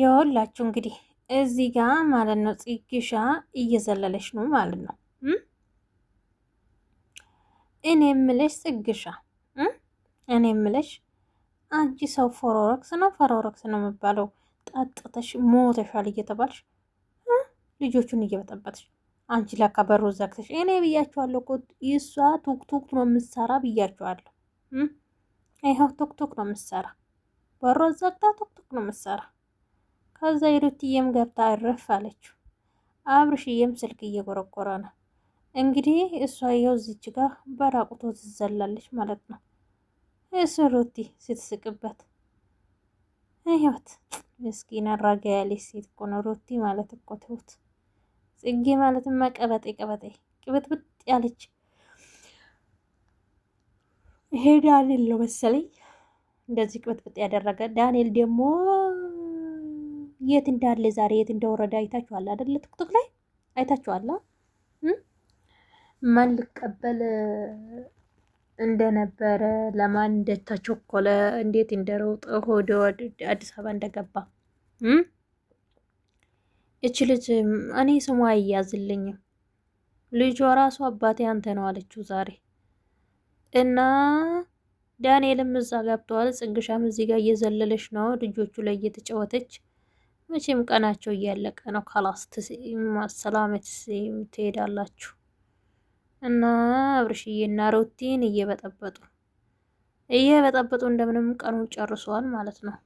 የወላችሁ እንግዲህ እዚህ ጋ ማለት ነው ጽግሻ እየዘለለች ነው ማለት ነው። እኔ ምለሽ ጽግሻ፣ እኔ ምለሽ አንቺ ሰው ፎሮረክስ ነው ፈሮረክስ ነው የሚባለው ጠጥተሽ ሞተሻል እየተባልሽ ልጆቹን እየበጠበጥሽ አንቺ ለካ በሩ ዘግተሽ። እኔ ብያቸዋለሁ እኮ እሷ ቱክቱክ ነው የምትሰራ ብያቸዋለሁ። ይኸው ቱክቱክ ነው የምትሰራ፣ በሮ ዘግታ ቱክቱክ ነው የምትሰራ። ከዛ ሂሩትዬም ገብታ እረፍ አለችው። አብርሽዬም ስልክ እየቆረቆረ ነው። እንግዲህ እሷ የው ዝች ጋር በራቁቶ ትዘላለች ማለት ነው። እሱ ሩቲ ስትስቅበት ህይወት ምስኪና ራጋ ያለች ሴት እኮ ነው ሩቲ ማለት እኮ ትሁት ጽጌ ማለት መቀበጤ ቀበጤ ቅብጥብጥ ያለች ይሄ ዳንኤል ነው መሰለኝ እንደዚህ ቅብጥብጥ ያደረገ ዳንኤል ደግሞ የት እንዳለ ዛሬ የት እንደወረደ አይታችኋል አይደለ? ቲክቶክ ላይ አይታችኋል። ማን ልቀበል እንደነበረ ለማን እንደተቸኮለ እንዴት እንደረውጠ ሆዶ አዲስ አበባ እንደገባ እች ልጅ እኔ ስሟ አያዝልኝም። ልጇ ራሱ አባቴ አንተ ነው አለችው ዛሬ እና ዳንኤልም እዛ ገብተዋል። ጽግሻም እዚህ ጋር እየዘለለች ነው ልጆቹ ላይ እየተጫወተች መቼም ቀናቸው እያለቀ ነው። ካላስ ሰላመት ትሄዳላችሁ እና አብርሽዬና ሮቲን እየበጠበጡ እየበጠበጡ እንደምንም ቀኑ ጨርሰዋል ማለት ነው።